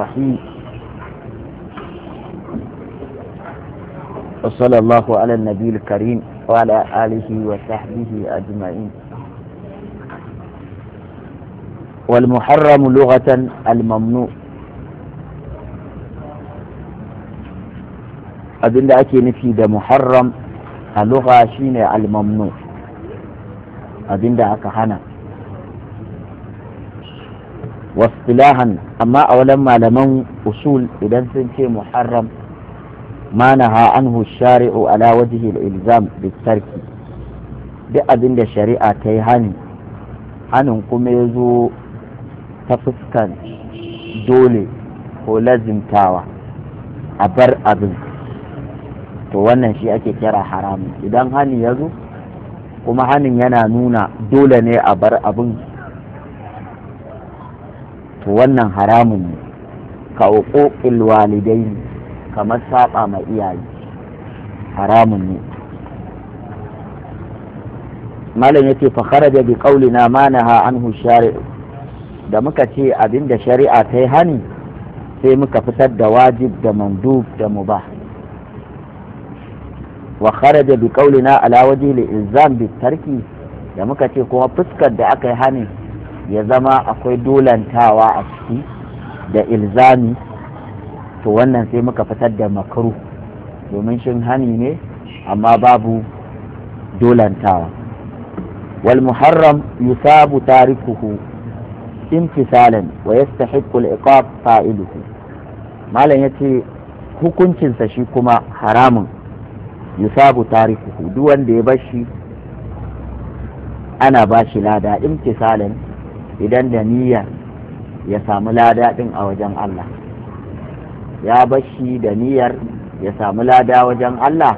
الرحيم وصلى الله على النبي الكريم وعلى آله وصحبه أجمعين والمحرم لغة الممنوع أظن أكي نفي ده محرم اللغة شين الممنوع أظن أكي حنا wasilahan amma a wajen malaman usul idan sun ce muharram ma naha anhu shari'u ala wajihi ilzam bitarki duk abin da shari'a ta yi hani hanin kuma ya zo ta fuskan dole ko lazimtawa a bar abin to wannan shi ake kira haramun idan hani ya zo kuma hanin yana nuna dole ne a bar abin to wannan haramun ne ka uquqil walidai kamar saba ma iyaye haramun ne malam yace fa kharaja bi qawlina ma naha anhu shari'u da muka ce abinda shari'a ta yi hani sai muka fitar da wajib da mandub da mubah wa kharaja bi qawlina ala wajhi al-ilzam bi tarki da muka ce kuma fuskar da aka yi hani ya zama akwai dolantawa a ciki da ilzami to wannan sai muka fitar da makaru domin shin hani ne amma babu dolantawa wal muharram yusabu tarikuhu imtisalan wa yastahiqqu al-iqab fa'iluhu malam yace hukuncinsa shi kuma haramun yusabu tarikuhu duk wanda ya bar shi ana bashi shi lada imtisalan idan da niyya ya samu lada ɗin a wajen Allah ya bashi da niyyar ya samu lada wajen Allah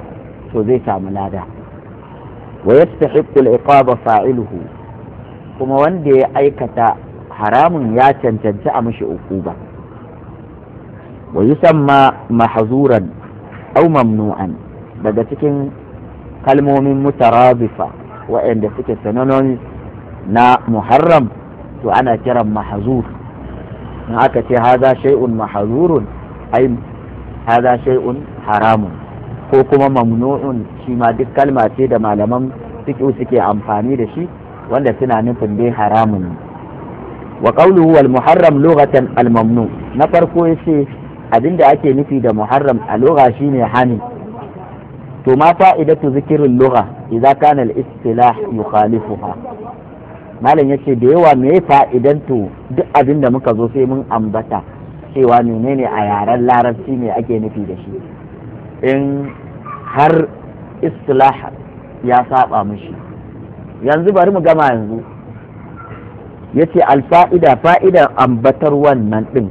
to zai samu lada wa yastahiqqu al-iqaba fa'iluhu kuma wanda ya aikata haramun ya cancanci a mishi ukuba wa yusamma mahzuran aw mamnu'an daga cikin kalmomin mutarabifa waɗanda suke synonyms na muharram to ana kiran mahazur in aka ce haza shay'un mahazurun ai haza shay'un haramun ko kuma mamnu'un shi ma duk kalma ce da malaman fiqh suke amfani da shi wanda suna nufin dai haramun wa qawluhu wal muharram lughatan al mamnu na farko yace abinda ake nufi da muharram a lugha shine hani to ma fa'idatu zikirin lugha idza kana al istilah yukhalifuha malam ya ce da yawa me fa'idan to duk abin da muka zo sai mun ambata cewa menene a yaren larabci ne ake nufi da shi in har istilah ya saba mushi yanzu bari mu gama yanzu ya ce alfa'ida fa'idan ambatar wannan ɗin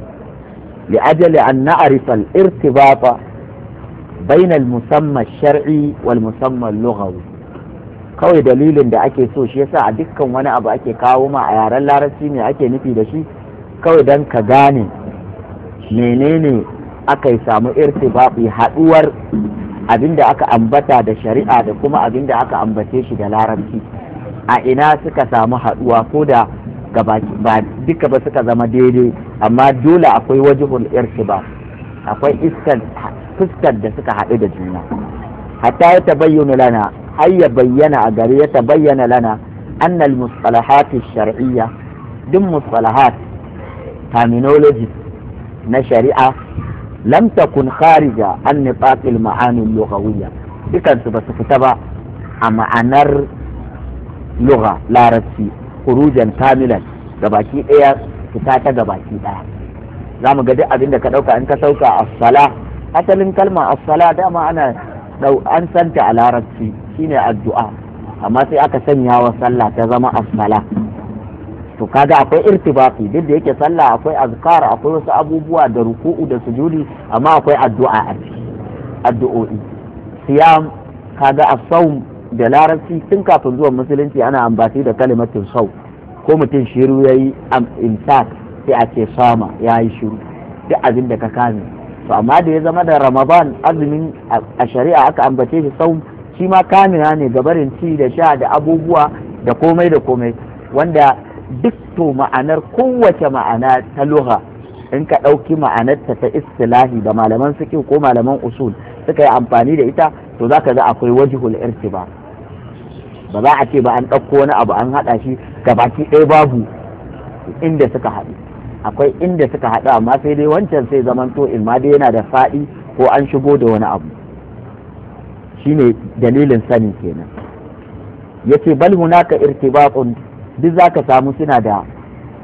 ajali an na'arifal irtibata bainal musamman shar'i wal musamman lughawi kawai dalilin da ake so shi yasa a dukkan wani abu ake kawo ma a yaren larabci ne ake nufi da shi kawai don ka gane menene aka yi samu irtibabi haɗuwar da aka ambata da shari'a da kuma abin da aka ambace shi da larabci a ina suka samu haɗuwa ko da ba duka ba suka zama daidai amma dole akwai wajihun ba. akwai iskar fuskar da suka haɗu da juna hatta ya tabayyana lana har ya bayyana a gare ya bayyana lana annal mustalahat shar'iyya duk mustalahat terminology na shari'a lam takun kharija an nifaq al ma'ani lughawiyya dukan su basu fita ba a ma'anar lugha larabci hurujan kamilan gabaki daya fita ta gabaki daya za mu ga duk abin da ka dauka in ka sauka as-sala asalin kalma as-sala dama ana an santa a larabci shine addu'a amma sai aka sanya wa sallah ta zama asala to kaga akwai irtibati duk da yake sallah akwai azkar akwai wasu abubuwa da ruku'u da sujudi amma akwai addu'a a ciki addu'o'i siyam kaga as-sawm da larabci tun kafin zuwan musulunci ana ambaci da kalimatin sau ko mutum shiru yayi imsak sai a ce sama yayi shiru duk abin da ka kame to amma da ya zama da ramadan azumin a shari'a aka ambace shi sau shi ma kamina ne gabarin ci da sha da abubuwa da komai da komai wanda duk to ma'anar kowace ma'ana ta lugha in ka ɗauki ma'anarta ta istilahi da malaman suke ko malaman usul suka yi amfani da ita to za ka ga akwai wajihul irtiba ba za a ce ba an ɗauko wani abu an haɗa shi gabaki ɗaya babu inda suka haɗu akwai inda suka haɗu amma sai dai wancan sai zamanto in ma dai yana da faɗi ko an shigo da wani abu shine dalilin sani kenan yace bal hunaka irtibatun duk zaka samu suna da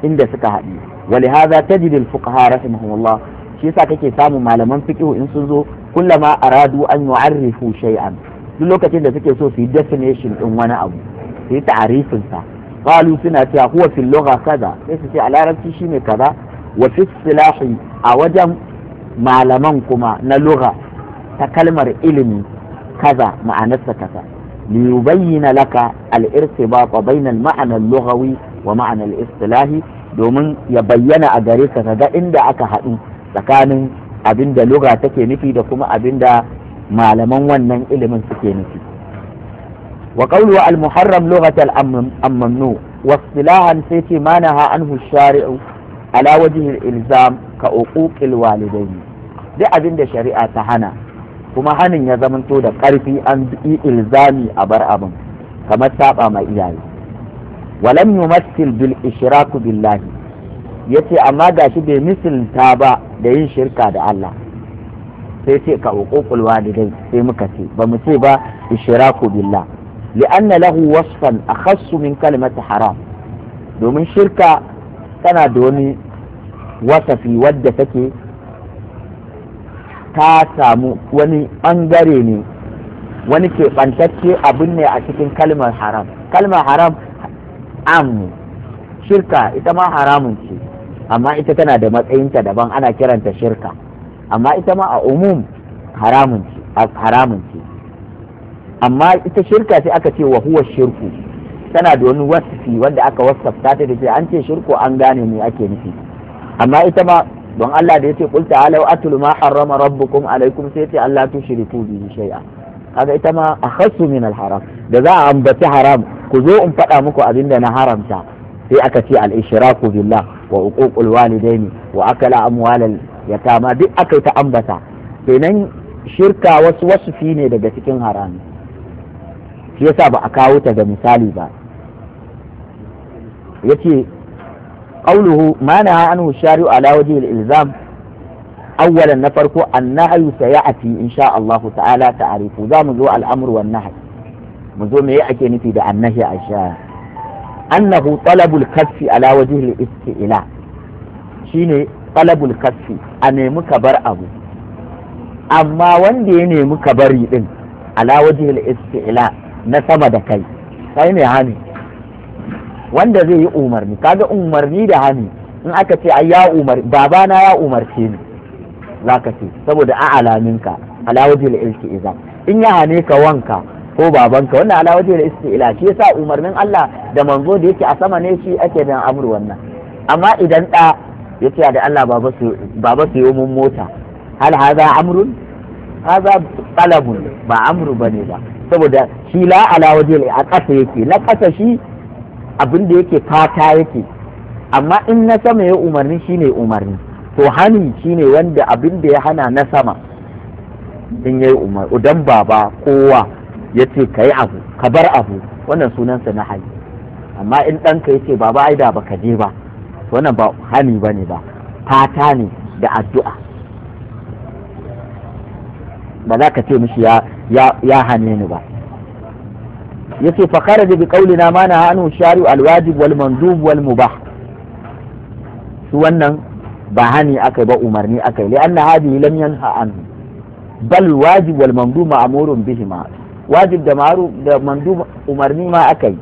inda suka haɗu ولهذا تجد الفقهاء رحمهم الله shi yasa kake samun malaman fiqh in sun zo kullama aradu an yu'arrifu shay'an duk lokacin da suke so su yi definition din wani abu su yi ta'arifin sa qalu suna cewa huwa fil lugha kaza sai su ce a larabci shine kaza wa fi silahi a wajen malaman kuma na lugha ta kalmar ilimi kaza ma'anarsa kaza liyubayyana laka al-irtibat ma'anar ma'ana wa ma'anar istilahi domin ya bayyana a gare ka ga inda aka haɗu tsakanin abin da luga take nufi da kuma abin da malaman wannan ilimin suke nufi wa qawlu al-muharram lughatal amamnu واصطلاحا سيتي ما نهى عنه الشارع على وجه الإلزام كعقوق الوالدين دي أبين shari'a ta hana. kuma hanin ya zamanto da ƙarfi an yi ilzami a bar abin kamar saba ma iyaye walam yumassil bil billahi yace amma gashi bai misilta ba da yin shirka da Allah sai ce ka uququl walidai sai muka ce ba mu ce ba ishraku billah li'anna lahu wasfan a min kalimata haram domin shirka tana da wani wasafi wadda take ta samu wani ɓangare ne wani keɓantacce abin ne a cikin kalmar haram kalmar haram am shirka ita ma haramun ce amma ita tana da matsayinta daban ana kiranta shirka amma ita ma a umum haramun ce amma ita shirka sai aka ce wa huwa shirku tana da wani wasfi wanda aka wasafta ta da an ce shirku an gane ne ake nufi amma ita ma don Allah da yace qul ta'alu atlu ma harrama rabbukum alaikum sai yace Allah tushriku bihi shay'a kaga ita ma akhassu min alharam haram da za a ambaci haram ku zo in faɗa muku abin da na haramta sai aka ce al-ishraku billah wa uququl walidaini wa akala amwalal yatama duk aka ta ambata kenan shirka wasu fi ne daga cikin harami shi yasa ba a kawo ta da misali ba yace qawluhu ma naha anhu shari'u ala wajhi al-ilzam awwalan na farko annahyu sayati insha Allah ta'ala ta'arifu za mu zo al-amru wan mu zo me ake nufi da annahi a shaya? annahu talabul kasfi ala wajhi al-istila shine talabul kasfi a nemi ka bar abu amma wanda ya nemi ka bari din ala wajhi al-istila na sama da kai sai ne hani wanda zai yi umarni kaga umarni da hani in aka ce ai ya umar babana ya umarce ni zaka ce saboda a alaminka ala ilki idan in ya hane ka wanka ko babanka wannan ala ilki ila shi yasa umarnin Allah da manzo da yake a sama ne shi ake da amru wannan amma idan da yace da Allah baba su baba su yi mota hal hada amrun hada talabun ba amru bane ba saboda shi la ala a kasa yake na kasa shi abin da yake fata yake amma in na sama ya umarni shine umarni to hani shine wanda abin da ya hana na sama in ya yi umarni idan baba kowa ya ce ka yi abu ka bar abu wannan sunansa na hali amma in ɗanka ya ce baba ai da baka je ba wannan ba hani ba ne ba fata ne da addu'a ba za ka ce mishi ya hane ni ba yace fa kharaja bi qawlina ma na anhu shari'u alwajib wal mandub wal mubah su wannan ba hani akai ba umarni akai anna hadi lam yanha an bal wajib wal mandub ma'murun ma wajib da maru da mandub umarni ma akai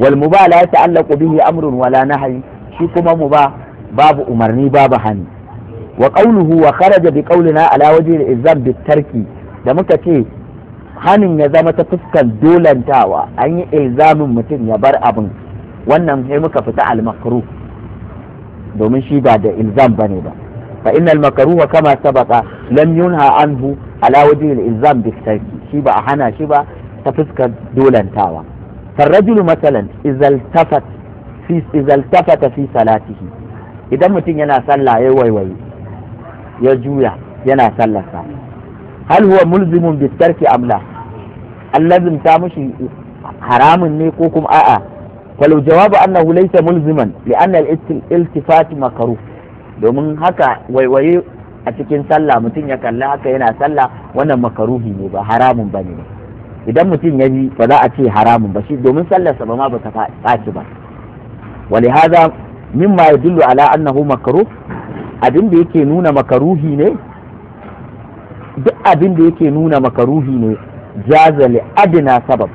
wal mubah la ta'allaqu bihi amrun wala nahyi shi kuma mubah babu umarni babu hani wa qawluhu wa kharaja bi qawlina ala wajhi al-izam bi tarki da muka ce hanin ya zama ta fuskan dolantawa an yi ilzamin mutum ya bar abin wannan sai muka fita almakaru domin shi ba da ilzam ba ne ba fa innal makaruha kama sabaka lam yunha anhu ala wajhi ilzam bi shi ba a hana shi ba ta fuskan dolantawa farrajulu masalan izaltafat fi izaltafata fi salatihi idan mutum yana sallah ya waiwayi ya juya yana sallarsa hal huwa mulzimun bi tarki amla an lazimta mushi haramun ne ko kuma a'a walau jawabu annahu laysa mulziman li anna al domin haka waiwaye a cikin sallah mutum ya kalla haka yana sallah wannan makaruhi ne ba haramun ba ne idan mutum ya yi ba za a ce haramun ba shi domin sallarsa ba ma ba ta faci ba wali haza mimma ya dullu ala annahu makaruh abin da yake nuna makaruhi ne duk abin da yake nuna maka ruhi ne jazali adina sabab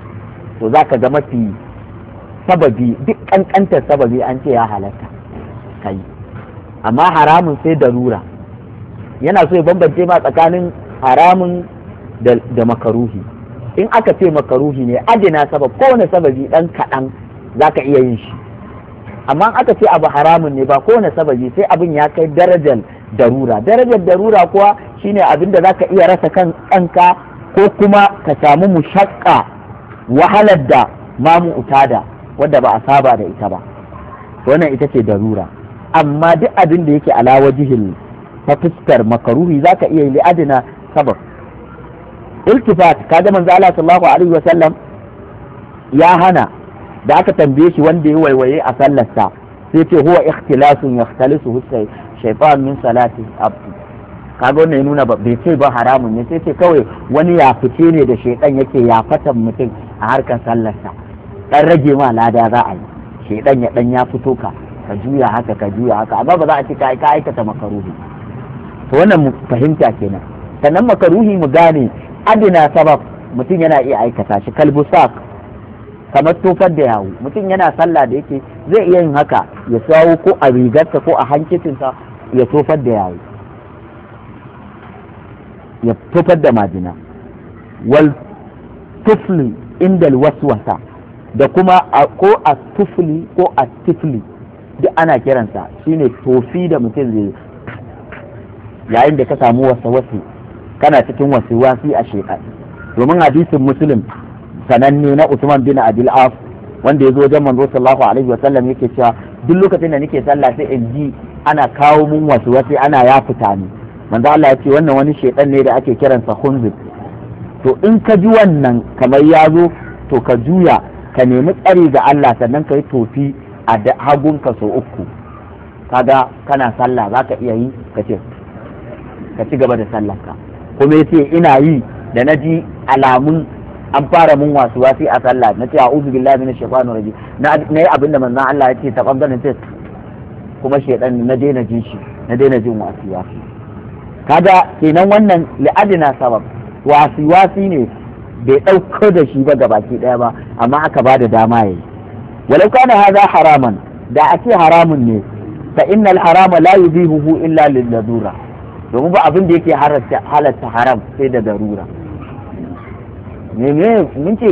to za ka ga mafi sababi duk ƙanƙantar sababi an ce ya halatta kai. amma haramun sai darura yana so ya bambance ma tsakanin haramun da makaruhi in aka ce makaruhi ne adina sabab kowane sababi ɗan kaɗan za ka iya yin shi amma aka ce abu haramun ne ba kowane sababi sai abin ya kai darajar darura darajar darura kuwa shine abin da zaka iya rasa kan kanka ko kuma ka samu mushakka wahalar da mamu utada wadda ba a saba da ita ba wannan ita ce darura amma duk abin da yake alawa wajihin ta fuskar makaruhi zaka iya yi li'adina sabab iltifat kaga manzo Allah sallallahu alaihi wa sallam ya hana da aka tambaye shi wanda ya waiwaye a sallarsa sai ce huwa ikhtilasun yakhtalisu husayn shaifan min salati abdi kaga wannan ya nuna bai ce ba haramun ne sai ce kawai wani ya fice ne da shaidan yake ya fatan mutum a harkar sallarsa dan rage ma lada za a yi shaidan ya dan ya fito ka ka juya haka ka juya haka amma ba za a ce ka aikata makaruhi to wannan fahimta kenan sannan makaruhi mu gane adina sabab mutum yana iya aikata shi kalbu sak kamar tofar da yawo mutum yana sallah da yake zai iya yin haka ya sawo ko a rigarsa ko a hankicinsa ya tofar da yawo ya fitar da majina wal tufli indal waswasa da kuma ko a tufli ko a tufli duk ana kiransa shine tofi da mutum zai yayin da ka samu wasu-wasu kana cikin wasiwasi a shekar domin hadisin musulun sananne na usman bin abu wanda ya zo wajen manzo sallallahu alaihi wasallam yake cewa duk lokacin da nake sallah sai in ji ana kawo mun wasu wasu ana ya fita ni manzo Allah ya ce wannan wani shedan ne da ake kiransa hunzib to in ka ji wannan kamar ya zo to ka juya ka nemi tsari ga Allah sannan ka yi tofi a hagunka sau uku kaga kana sallah za ka iya yi ka ce ka ci gaba da sallarka kuma ya ce ina yi da na ji alamun an fara mun wasu wasi a sallah na ce a'udhu billahi minash shaitanir rajim na yi abin da manzon Allah ya ce ta bangaren ce kuma shaitan na daina jin shi na daina jin wasu wasi kaga kenan wannan li'adina sabab wasi wasi ne bai ɗauko da shi ba gabaki ɗaya ba amma aka ba da dama ya yi walau kana haza haraman da a ce haramun ne ta innal harama la yubihuhu illa lil domin ba abin da yake halatta haram sai da darura menene mun ce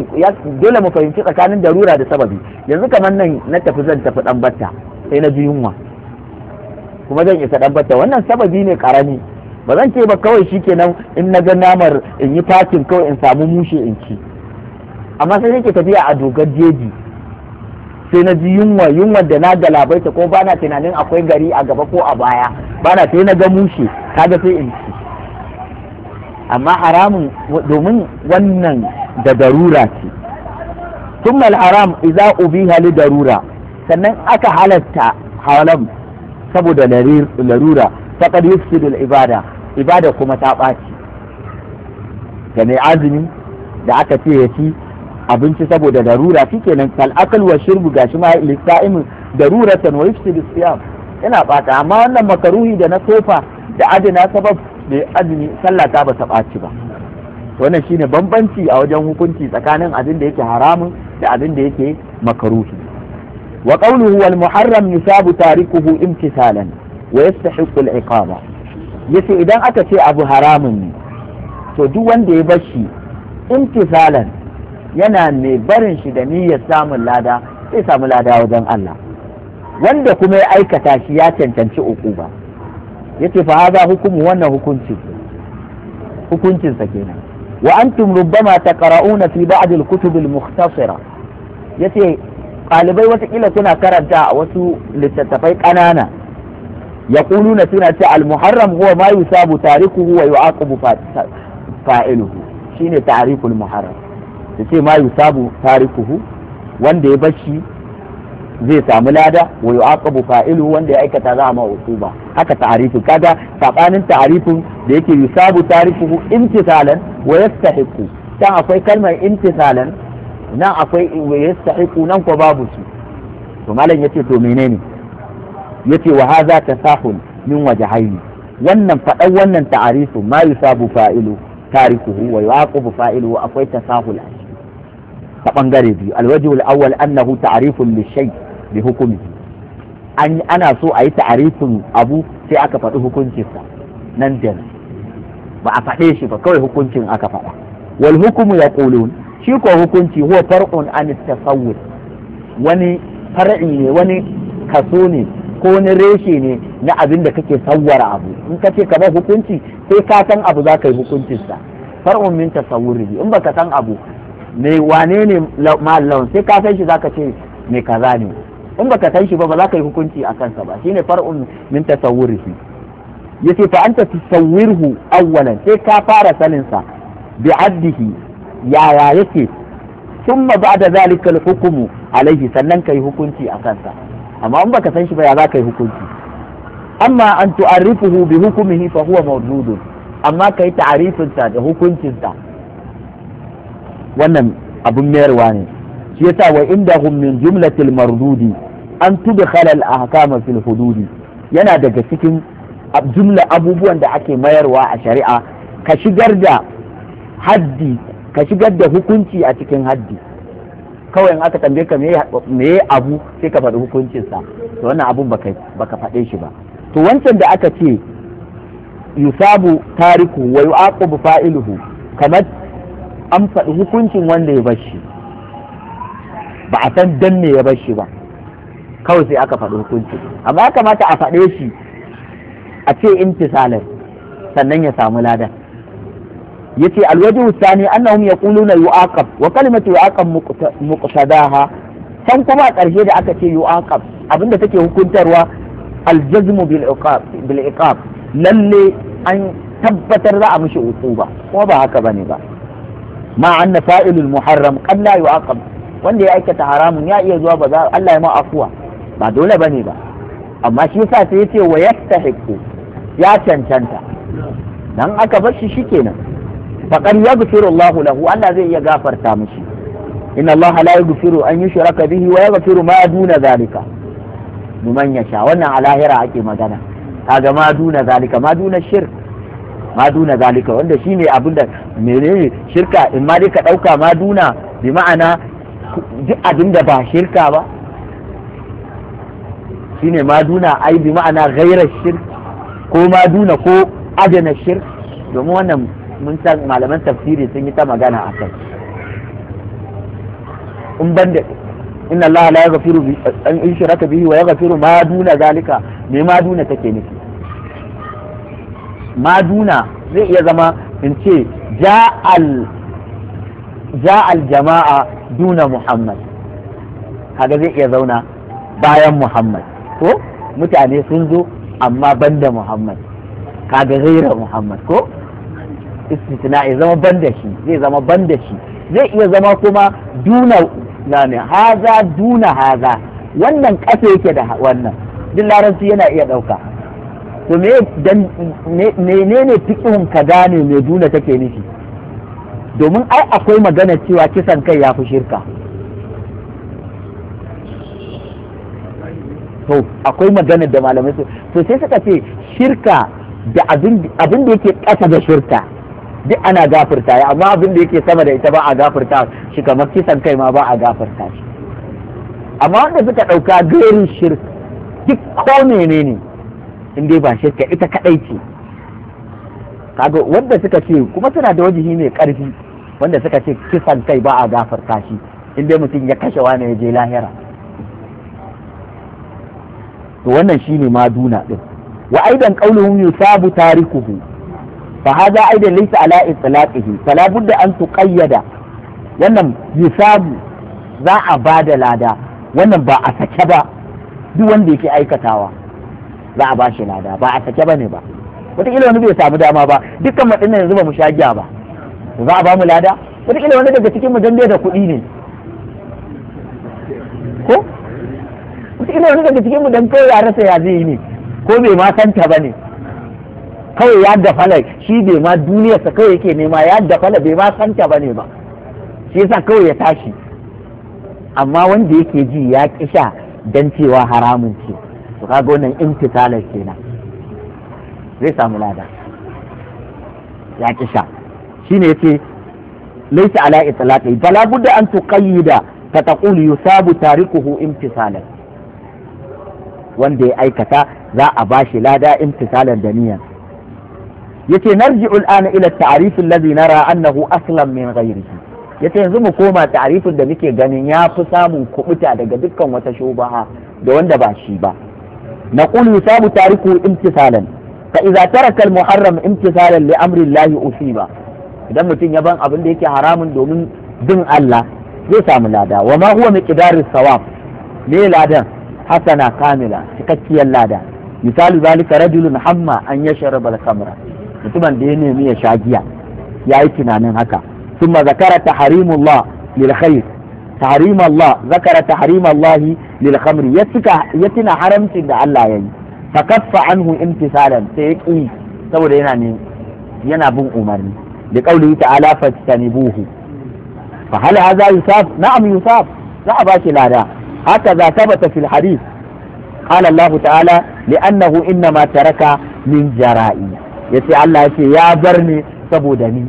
dole mu fahimci tsakanin darura da sababi yanzu kamar nan na tafi zan tafi dan batta sai na ji yunwa kuma zan isa dan batta wannan sababi ne karami ba zan ce ba kawai shi shikenan in na ga namar in yi fakin kawai in samu mushe in ci amma sai nake tafiya a dogar jeji sai na ji yunwa yunwa da na galabaita ko bana tunanin akwai gari a gaba ko a baya bana sai na ga mushe kaga sai in ci amma haramun domin wannan da darura ce Tummal haram iza ubi hali darura, sannan aka halatta haram saboda larura faqad yufsidu ibada ibada kuma ta ɓaci da mai azumi da aka ce ya ci abinci saboda darura shi kenan kal akal wa shirbu gashi ma lissa'imin daruratan wa yufsidu siyam yana ɓata amma wannan makaruhi da na sofa da adana sabab da azumi sallah ta ba ta ɓaci ba wannan shine bambanci a wajen hukunci tsakanin abin da yake haramun da abin da yake makaruhi wa qawluhu wal muharram yusabu tarikuhu imtisalan wa yastahiqu al iqama yace idan aka ce abu haramun ne to duk wanda ya bar shi imtisalan yana mai barin shi da niyyar samun lada sai samu lada wajen Allah wanda kuma ya aikata shi ya cancanci uku ba ce fa hadha hukumu wannan hukunci hukuncin sa kenan wa antum rubbama taqra'una fi ba'd al-kutub al-mukhtasira yace ɗalibai watakila suna karanta a wasu littattafai ƙanana ya na suna ce al-muharram huwa ma yusabu tarikuhu wa yu'aqibu fa'iluhu shine tarikul muharram ce ma yusabu tarikuhu wanda ya bashi zai samu lada wa yu'aqabu fa'ilu wanda ya aikata za a ma usuba haka ta'arifin kaga sabanin ta'arifin da yake yusabu tarifuhu imtisalan wa yastahiqu dan akwai kalmar imtisalan nan akwai wa yastahiqu nan ko babu su to malam yace to menene yace wa hadha tasahul min wannan fadan wannan ta'arifin ma yusabu fa'ilu wa yu'aqabu fa'ilu akwai tasahul a ta biyu alwajihul awwal annahu ta'rifun lishay bi hukumi ana so a yi ta'arifin abu sai aka faɗi hukuncinsa nan da ba a faɗe shi ba kawai hukuncin aka faɗa wal hukumu ya shi ko hukunci huwa far'un an tasawwur wani far'i ne wani kaso ne ko wani reshe ne na abin da kake sawwara abu in ka ce kamar hukunci sai ka san abu za ka yi hukuncinsa far'un min tasawwuri in ba ka san abu me wane ne mallam sai ka san shi za ka ce mai kaza ne in baka san shi ba ba za ka yi hukunci a kansa ba shine far'un min tasawwurihi yace fa anta tasawwirhu awwalan sai ka fara sanin sa bi addihi yaya yake thumma ba'da zalika al-hukmu laifi sannan kai hukunci a kansa amma in baka san shi ba ya za ka yi hukunci amma an tu'arrifuhu bi hukmihi fa huwa mawdudun amma kai ta'arifin sa da hukuncin sa wannan abun mayarwa ne shi yasa wa indahum min jumlatil mardudi an tudkhala al-ahkama fil hududi yana daga cikin jumla abubuwan da ake mayarwa a shari'a ka shigar da haddi ka shigar da hukunci a cikin haddi kawai in aka tambaye ka me abu sai ka faɗi hukuncinsa to wannan abun baka faɗe shi ba to wancan da aka ce yusabu tariku wa yu'aqabu fa'iluhu kamar an faɗi hukuncin wanda ya bar shi ba a san dan me ya bar shi ba kawai sai aka faɗi hukunci amma ya kamata a faɗe shi a ce intisalin sannan ya samu ladan yace alwaji sani annahum yaquluna yu'aqab wa kalimatu yu'aqab muqtadaha can kuma a ƙarshe da aka ce yu'aqab abinda take hukuntarwa aljazmu bil iqab lalle an tabbatar za a mishi uquba kuma ba haka bane ba ma anna fa'ilul muharram qad yu'aqab wanda ya aikata haramun ya iya zuwa ba za Allah ya ma afuwa ba dole ba ne ba amma shi sa sai ce wa yastahiqu ya cancanta dan aka bar shi shikenan faqad yaghfiru Allahu lahu Allah zai iya gafarta mishi inna Allah la yaghfiru an yushraka bihi wa yaghfiru ma duna zalika ya yasha wannan a lahira ake magana kaga ma duna zalika ma duna shirk ma duna zalika wanda shine abin menene shirka in ma dai ka dauka ma duna bi ma'ana duk abin da ba shirka ba shine maduna aibi ma'ana ghairar shirk ko maduna ko adana shirk domin wannan mun san malaman tafsiri sun yi ta magana a kai in banda inna Allah la yaghfiru bi an yushraka bihi wa yaghfiru ma duna zalika me maduna duna take nufi Maduna zai iya zama in ce ja'al ja'al jama'a duna Muhammad kaga zai iya zauna bayan Muhammad ko mutane sun zo amma banda muhammad kaga zaira muhammad ko istisna ya zama banda shi zai zama banda shi zai iya zama kuma duna na ne haza duna haza wannan ƙasa yake da wannan duk larabci yana iya ɗauka to menene fiƙihun ka gane mai duna take nufi domin ai akwai magana cewa kisan kai ya fi shirka to akwai maganar da malamai su to sai suka ce shirka da abin da yake ƙasa da shirka duk ana gafarta ya amma abin da yake sama da ita ba a gafarta shi kamar kisan kai ma ba a gafarta shi amma wanda suka ɗauka gairin shirka, duk ko menene in dai ba shirka ita kaɗai ce kaga wanda suka ce kuma suna da wajihi mai ƙarfi wanda suka ce kisan kai ba a gafarta shi in dai mutum ya kashe wani ya je lahira to wannan shine maduna din wa aidan qauluhum yusabu tarikuhu fa hada aidan laysa ala itlaqihi fala budda an tuqayyada wannan yusabu za a bada lada wannan ba a sake ba duk wanda yake aikatawa za a bashi lada ba a sake bane ba wataƙila wani bai samu dama ba dukkan matsin yanzu ba mu sha giya ba za a ba mu lada wataƙila wani daga cikin mu dande da kuɗi ne ko ina wani daga cikin mu dan kawai ya rasa ya zai ne ko bai ma santa ba ne kawai ya dafala shi bai ma duniyarsa kawai yake nema ya dafala bai ma santa ba ne ba shi yasa kawai ya tashi amma wanda yake ji ya kisha dan cewa haramun ce to kaga wannan imtisalar kenan zai samu lada ya kisha shine yace laysa ala itlaqi bala budda an tuqayyida fa taqulu yusabu tarikuhu imtisalan wanda ya aikata za a bashi lada imtisalan da niyya yace narji'u al'ana ila at-ta'rif alladhi nara annahu aslam min ghayrihi yace yanzu mu koma ta'rifin da muke ganin ya fi samun kubuta daga dukkan wata shubaha da wanda ba shi ba naqulu yusabu tariku imtisalan fa idza taraka al-muharram imtisalan li amri Allah usiba idan mutum ya ban abin da yake haramun domin bin Allah zai samu lada wa ma huwa miqdaru sawab me ladan Hassana kamila cikakkiyar lada misalu zalika rajulun hamma an yashraba al-khamra mutumin da ya nemi ya sha giya yayi tunanin haka thumma zakara tahrimullah lil khair tahrim Allah zakara tahrim Allah lil khamri ya haramcin da Allah yayi fa kaffa anhu imtisalan sai yaki saboda yana yana bin umarni da kauli ta'ala fastanibuhu fa hal hadha yusaf na'am yusaf za a bashi lada هكذا ثبت في الحديث قال الله تعالى لأنه إنما ترك من جرائي يسي الله يسي يا برني سبودني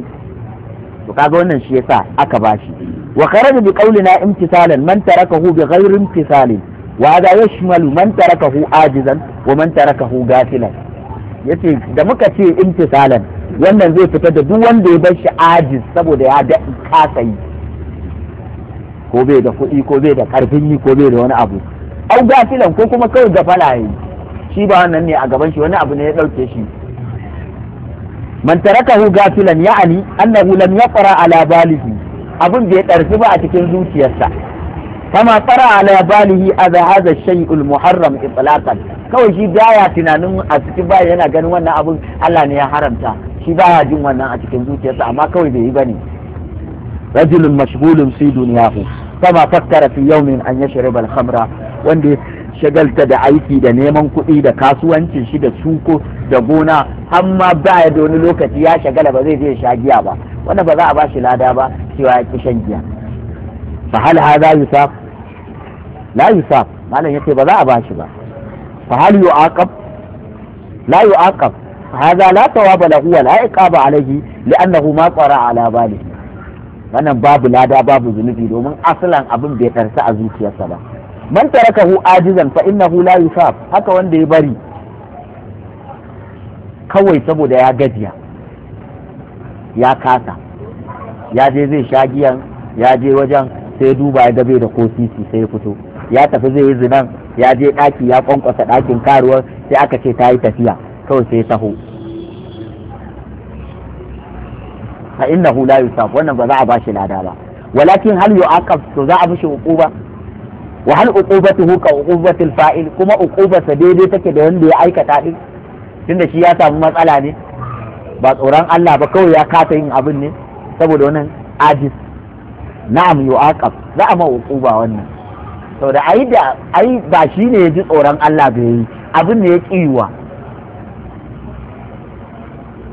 وكاغو wannan shi yasa aka bashi wa kharaja bi qawlina imtisalan man tarakahu bi ghairi imtisalin wa hada yashmalu man tarakahu ajizan wa man tarakahu gafilan yace da muka ce imtisalan wannan zai fita da duk wanda ya bar shi ajiz saboda ya da kasayi ko bai da kuɗi ko bai da karfin yi ko bai da wani abu au gafilan ko kuma kawai da falaye. shi ba wannan ne a gaban shi wani abu ne ya ɗauke shi man tarakahu gafilan ya'ani annahu lam yaqra ala balihi abun bai ɗarfi ba a cikin zuciyarsa kama tsara ala balihi adha hadha shay'ul muharram itlaqan kawai shi baya tunanin a cikin baya yana ganin wannan abun Allah ne ya haramta shi baya jin wannan a cikin zuciyarsa amma kawai bai yi bane rajulun mashghulun fi duniyahu kama fakkara fi yawmin an yashrib al-khamra wanda shagalta da aiki da neman kuɗi da kasuwancin shi da suko da gona har ma ba da wani lokaci ya shagala ba zai je sha giya ba wannan ba za a bashi lada ba cewa ya ki shan giya fa hal hadha yusaf la yusaf malam yace ba za a bashi ba fa hal yu'aqab la yu'aqab hadha la thawaba lahu ma qara a labari. wannan babu lada babu zunubi domin asalan abin bai karsa a zuciyarsa ba man tarakahu ajizan fa innahu la yusab haka wanda ya bari kawai saboda ya gajiya ya kasa ya je zai sha giyan ya je wajen sai duba ya dabe da ko sai ya fito ya tafi zai yi zinan ya je ɗaki ya kwankwasa ɗakin karuwar sai aka ce ta yi tafiya kawai sai ya taho fa innahu la yusaf wannan ba za a bashi lada ba walakin hal yu'aqab to za a mishi uquba wa hal uqubatuhu ka uqubatil fa'il kuma uqubarsa daidai take da wanda ya aikata din tunda shi ya samu matsala ne ba tsoron Allah ba kawai ya kata yin abin ne saboda wannan ajis na'am yu'aqab za a ma uquba wannan saboda ai da ai ba shine ya ji tsoron Allah ba yi abin ne ya kiwa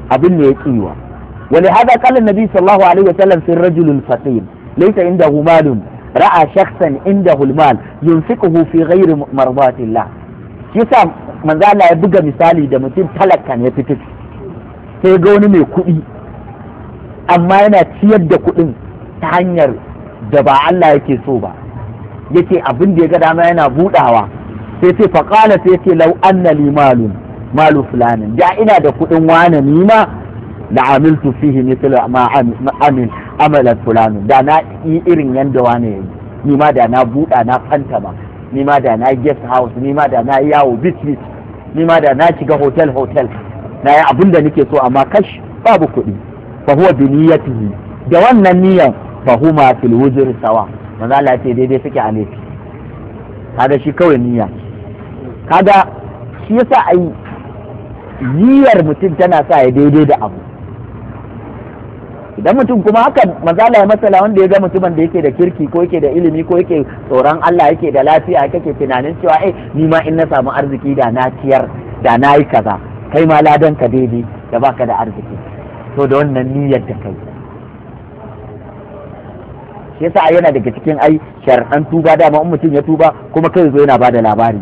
abin ne ya kiwa ولهذا قال النبي صلى الله عليه وسلم في الرجل الفقير ليس عنده مال رأى شخصا عنده المال ينفقه في غير مرضات الله yasa manzo Allah ya buga misali da mutum talaka ne fitik sai ga wani mai kuɗi amma yana ciyar da kuɗin ta hanyar da ba Allah yake so ba yake abin da ya ga dama yana buɗawa. sai sai faqala sai yake law anna li malun malu da ina da kuɗin wani nima da amiltu fihi ma amala fulani da na yi irin yanda wane yayi ni ma da na buɗa na fantama ni ma da na guest house ni ma da na yawo beach ni ma da na shiga hotel hotel na yi abin da nake so amma kash babu kuɗi fa huwa bi niyyatihi da wannan niyyan fa huma fil wujri sawa manzo Allah ce daidai suke a laifi Kada shi kawai niyya Kada shi yasa ai niyyar mutum tana sa ya daidai da abu idan mutum kuma haka mazala ya masala wanda ya ga mutumin da yake da kirki ko yake da ilimi ko yake tsoron Allah yake da lafiya kake tunanin cewa eh ni ma in na samu arziki da na ciyar da na yi kaza kai ma ladan ka daidai da baka da arziki to da wannan niyyar da kai shi yasa yana daga cikin ai sharɗan tuba dama in mutum ya tuba kuma kai zo yana bada labari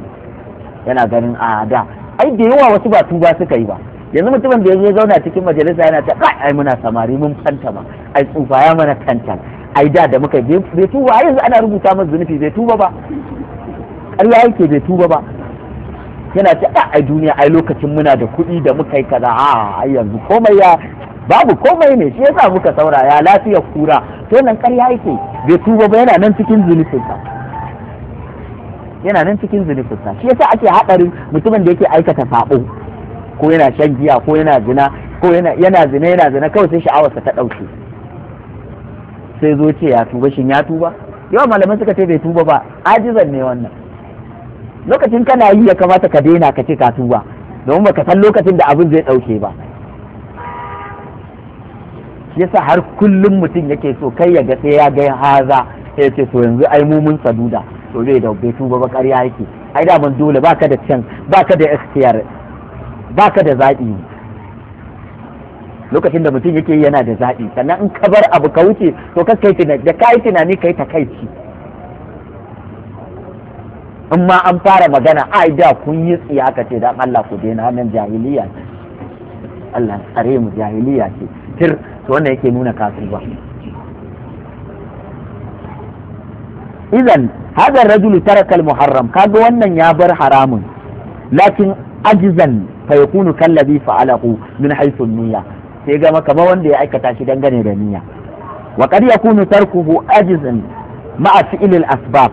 yana ganin a da ai da yawa wasu ba tuba suka yi ba yanzu mutumin da ya zo zauna cikin majalisa yana ta ai muna samari mun fanta ma. ai tsufa ya mana kanta ai da da muka bai tuba yanzu ana rubuta masa zunubi bai tuba ba Allah yake bai tuba ba yana ta ai duniya ai lokacin muna da kuɗi da muka yi kaza a ah, ai yanzu komai ya babu komai ne shi yasa muka saura ya lafiyar kura to nan ƙarya yake bai tuba ba yana nan cikin zunubinsa yana nan cikin zunubinsa shi yasa ake haɗarin mutumin da yake aikata sabo ko yana shan giya ko yana zina ko yana zina yana zina kawai sai sha'awarsa ta ɗauke sai zo ce ya tuba shin ya tuba yawan malaman suka ce bai tuba ba ajizan ne wannan lokacin kana yi ya kamata ka daina ka ce ka tuba domin baka san lokacin da abin zai ɗauke ba yasa har kullum mutum yake so kai ya ga sai ya ga haza sai ce so yanzu ai mu mun saduda to zai da bai tuba ba ƙarya yake ai da dole baka da can baka da ikhtiyar baka da zaɓi lokacin da mutum yake yana da zaɓi sannan in ka bar abu ka wuce to ka kai tunani da yi tunani kai takaici in ma an fara magana ai da kun yi tsiya aka ce dan Allah ku daina nan jahiliya ce Allah tsare mu jahiliya ce tir to wannan yake nuna kasuwa idan hadar rajulu taraka al-muharram kaga wannan ya bar haramun lakin ajizan fa yakunu kallabi fa'alahu min haythu niyya sai ga kamar wanda ya aikata shi dangane da niyya wa qad yakunu tarkuhu ajizan ma'a asbab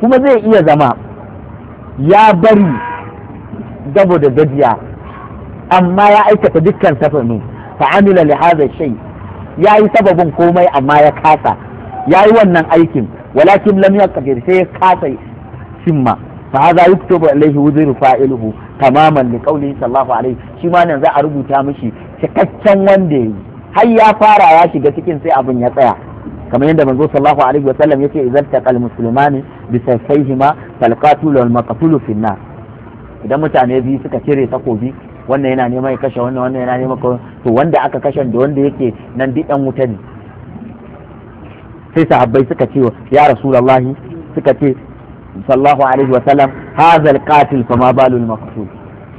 kuma zai iya zama ya bari gabo da gajiya amma ya aikata dukkan safani fa amila li hadha shay yayi sababin komai amma ya kasa Ya yi wannan aikin walakin lam yaqdir sai ya kasa shimma fa hadha yuktubu alayhi wuzru fa'iluhu tamaman da qawli sallallahu alaihi shi ma nan za a rubuta mishi cikakken wanda yayi har ya fara ya shiga cikin sai abin ya tsaya kamar yadda manzo sallallahu alaihi wa sallam yace idan taqal muslimani bi sayfihima fal qatil wal maqtul fi nar idan mutane biyu suka cire takobi wannan yana neman ya kashe wannan wannan yana neman to wanda aka kashe da wanda yake nan duk dan wuta ne sai sahabbai suka ce ya rasulullahi suka ce sallallahu alaihi wasallam hazal qatil fa ma balul maqtul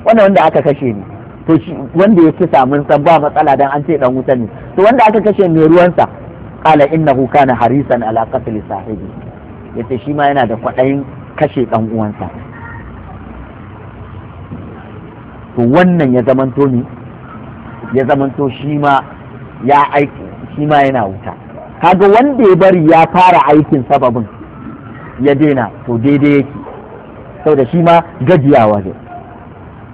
wannan wanda aka kashe ne to wanda ya kisa mun san ba matsala dan an ce dan wuta ne to wanda aka kashe ne ruwansa qala innahu kana harisan ala qatl sahibi yace shi ma yana da kwadayin kashe dan uwansa to wannan ya zamanto ne ya zamanto shi ma ya aiki shi ma yana wuta kaga wanda ya bari ya fara aikin sababin ya daina to daidai yake saboda shi ma gajiyawa waje.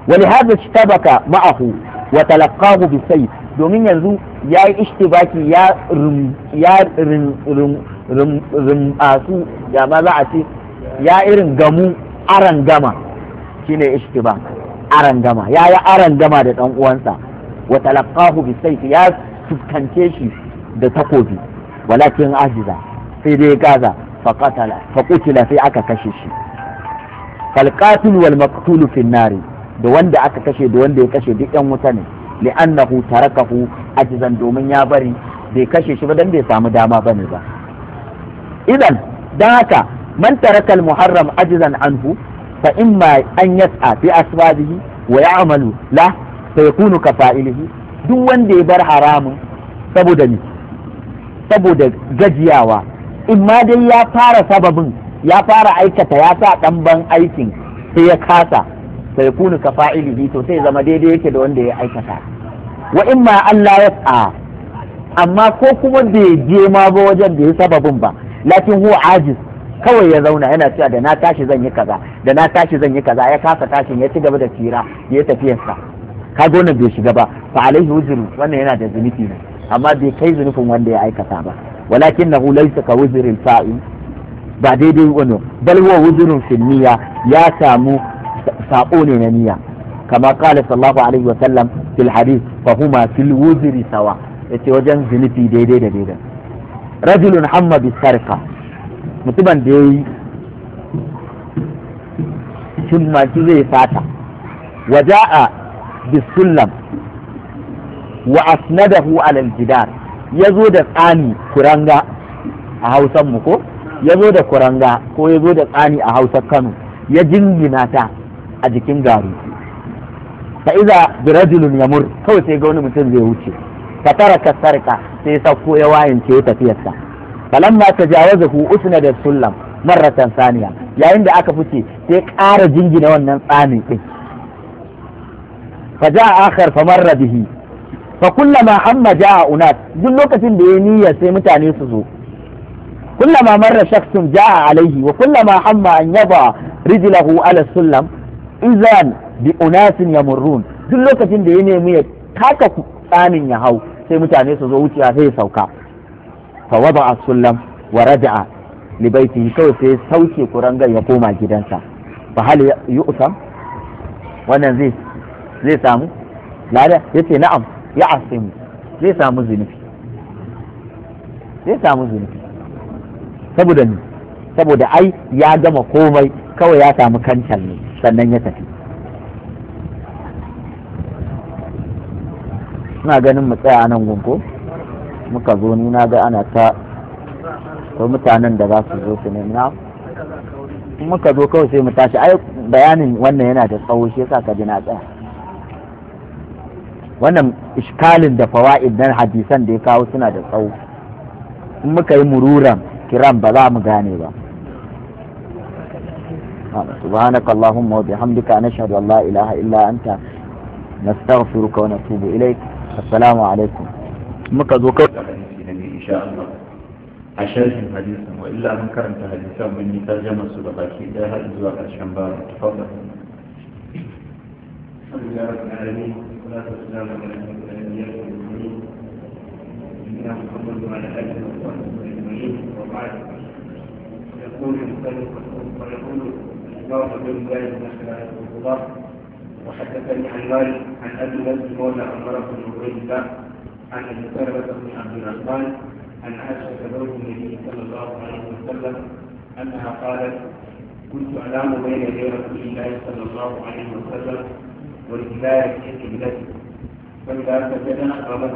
wani hada shi tabaka ma'ahu wa talakahu bi sai domin yanzu ya yi ishtibaki ya ya rimbasu ya ma za a ce ya irin gamu aran gama shine ishtiba aran gama ya yi aran gama da ɗan uwansa wa talakahu bi sai ya fuskance shi da takobi walakin ajiza sai dai gaza faƙatala faƙutila sai aka kashe shi falƙatul wal maqtulu da wanda aka kashe da wanda ya kashe duk yan wuta ne li'annahu tarakahu Ajizan, domin ya bari bai kashe shi ba dan bai samu dama ne ba idan dan haka man taraka muharram Ajizan anhu fa imma an yas'a fi wa ya'malu la fa ka fa'ilihi duk wanda ya bar haramun saboda ni saboda gajiyawa in ma dai ya fara sababin ya fara aikata ya sa ɗan ban aikin sai ya kasa sai kunu ka fa'ilihi to sai zama daidai yake da wanda ya aikata wa in ma Allah ya sa amma ko kuma bai je ma ba wajen da ya sababin ba lakin huwa ajiz kawai ya zauna yana cewa da na tashi zan yi kaza da na tashi zan yi kaza ya kasa tashin ya ci gaba da tira ya tafiyarsa ka gona bai shiga ba fa alaihi wuzuru wannan yana da zunubi ne amma bai kai zunubin wanda ya aikata ba walakinahu laysa ka wuzril fa'il ba daidai wani bal huwa wuzrun fil niyya ya samu sako ne na niyya kama qala sallallahu alaihi wa sallam fil hadith fa huma fil wuzri sawa yace wajen zunufi daidai daidai rajulun hamma bis sarqa mutumin da yayi himma zai fata waja'a bis wa asnadahu alal al ya zo da tsani kuranga a hausan mu ko ya zo da kuranga ko ya zo da tsani a hausar kano ya jingina ta a jikin gari fa iza birajulun yamur kawai sai ga wani mutum zai wuce Ka tara ka sarka sai sauko ya wayance ya tafiyarsa falamma tajawazahu usna da sullam marratan saniya yayin da aka fice sai ƙara jingina wannan tsanin din fa ja akhar fa marra bihi fa kullama amma ja'a unat duk lokacin da ya niyya sai mutane su zo kullama marra shakhsun ja'a alaihi wa kullama hamma an yaba rijlahu ala sullam izan bi unasin yamurrun duk lokacin da ya nemi ya taka tsanin ya hau sai mutane su zo wuciya sai ya sauka fa wada sullam wa raja'a li baitihi kawai sai sauke kurangar ya koma gidansa fa hal yu'sam wannan zai zai samu lada yace na'am ya asimu zai samu zunubi zai samu zunubi saboda ni saboda ai ya gama komai kawai ya samu kancan ne sannan ya tafi suna ganin mu tsaya nan gunko muka zo ni na ga ana ta ko mutanen da za su zo su ne na muka zo kawai sai mu tashi ai bayanin wannan yana da tsawo shi yasa ka ji na tsaya wannan ishkalin da fawa'id na hadisan da ya kawo suna da tsawo in muka yi mururan kiran ba za mu gane ba سبحانك اللهم وبحمدك نشهد ان لا اله الا انت نستغفرك ونتوب اليك السلام عليكم muka zo kai insha Allah a sharhin hadisin wa illa mun karanta hadisan mun yi tarjama su da baki daya har zuwa والصلاة والسلام على أشرف الأنبياء والمرسلين سيدنا محمد وعلى آله وصحبه أجمعين وبعد يقول ويقول الإمام بن زايد نحن الله وحدثني عن مالك عن أبي مسلم مولى عمر بن عبيد الله عن أبي سلمة بن عبد الرحمن عن عائشة زوج النبي صلى الله عليه وسلم أنها قالت كنت أنام بين يدي رسول الله صلى الله عليه وسلم والكفاية في قبلته فإذا سجدنا قبل